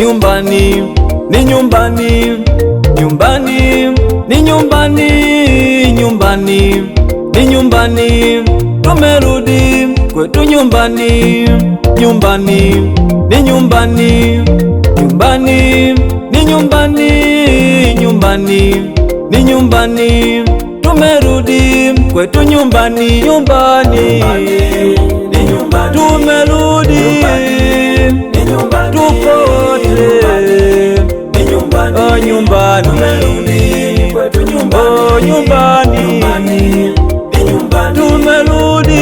nyumbani, ni nyumbani, nyumbani, ni nyumbani, nyumbani, ni nyumbani, tumerudi kwetu nyumbani, nyumbani, ni nyumbani, nyumbani, ni nyumbani, nyumbani, ni nyumbani, tumerudi kwetu nyumbani, nyumbani, ni nyumbani, tumerudi nyumbani, oh nyumbani, tumerudi kwetu nyumbani, oh, nyumbani, tumerudi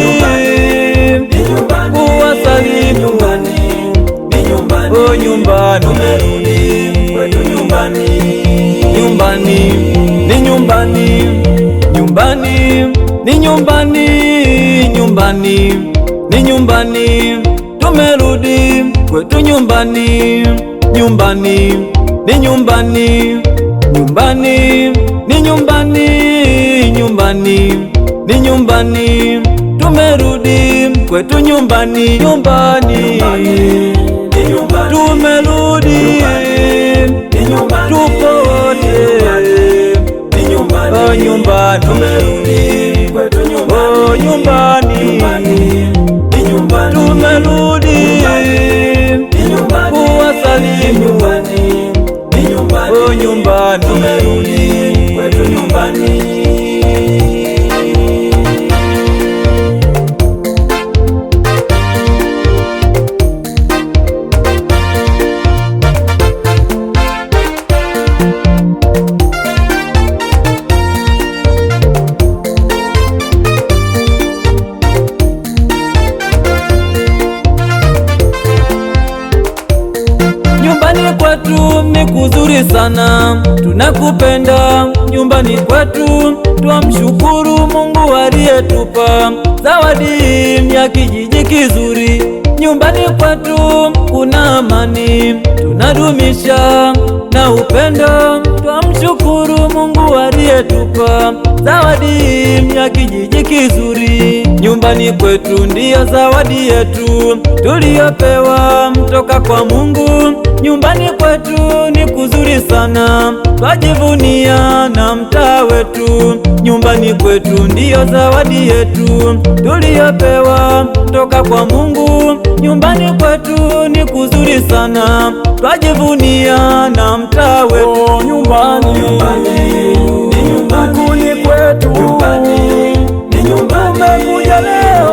kuwasalimu, oh, nyumbani, nyumbani, ni nyumbani, nyumbani, ni nyumbani, nyumbani, ni nyumbani, tumerudi kwetu nyumbani, nyumbani ni nyumbani, nyumbani, ni nyumbani, nyumbani, ni nyumbani, tumerudi kwetu nyumbani, nyumbani, tumerudi, tupo wote oh, oh, nyumbani, nyumbani tumerudi kuwasalimu money. kuzuri sana, tunakupenda nyumbani kwetu, twamshukuru Mungu aliyetupa zawadi ya kijiji kizuri. Nyumbani kwetu kuna amani, tunadumisha na upendo, twamshukuru Mungu aliyetupa zawadi ya kijiji kizuri. Nyumbani kwetu ndiyo zawadi yetu tuliyopewa mtoka kwa Mungu. Nyumbani kwetu ni kuzuri sana, twajivunia na mtaa wetu. Nyumbani kwetu ndiyo zawadi yetu tuliyopewa mtoka kwa Mungu. Nyumbani kwetu ni kuzuri sana, twajivunia na mtaa wetu. Oh, nyumbani, nyumbani nyumbani kwetu, ni nyumbani, umekuja leo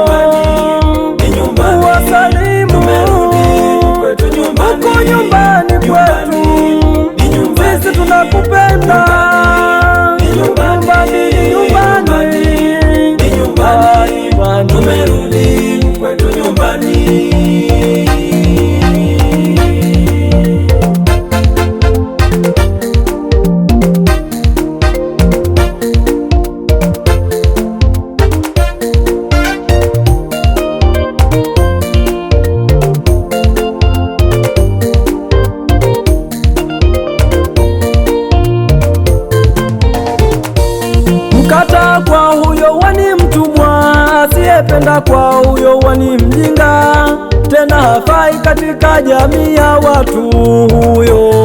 katika jamii ya watu huyo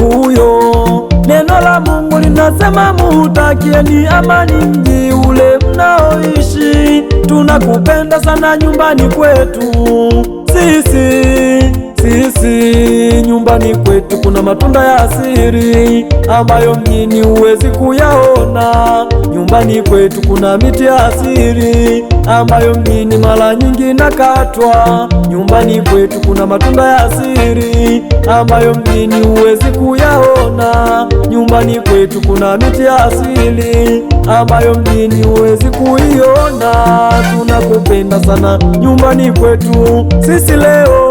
huyo. Neno la Mungu linasema mutakieni amani mji ule mnaoishi. Tunakupenda sana nyumbani kwetu sisi sisi. Nyumbani kwetu kuna matunda ya asili ambayo mjini huwezi kuyaona. Nyumbani kwetu kuna miti ya asili ambayo mjini mara nyingi nakatwa. Nyumbani kwetu kuna matunda ya siri ambayo mjini huwezi kuyaona. Nyumbani kwetu kuna miti ya asili ambayo mjini huwezi kuiona. Tunakupenda sana nyumbani kwetu sisi, leo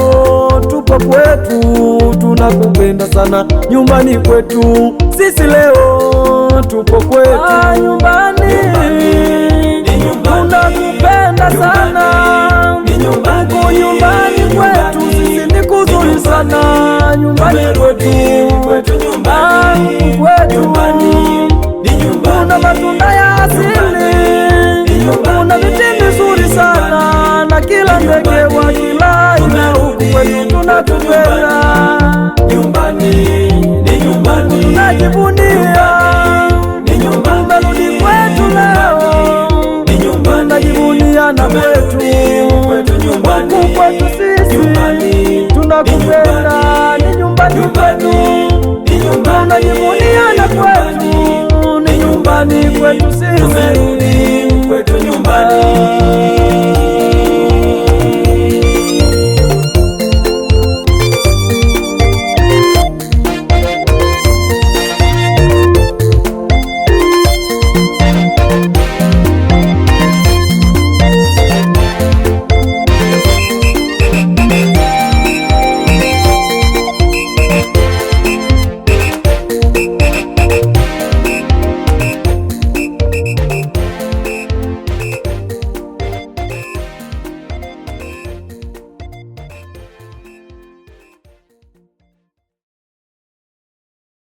tupo kwetu. Tunakupenda sana nyumbani kwetu sisi, leo tupo kwetu ah, nyumbani. Tunapendeka sana huku nyumbani kwetu, sisi ni kuzuri sana nyumbani kwetu kwetu, kuna matunda ya asili, kuna viti vizuri sana na kila ndege wa kila aina huku kwetu tunatupenda, tunajivunia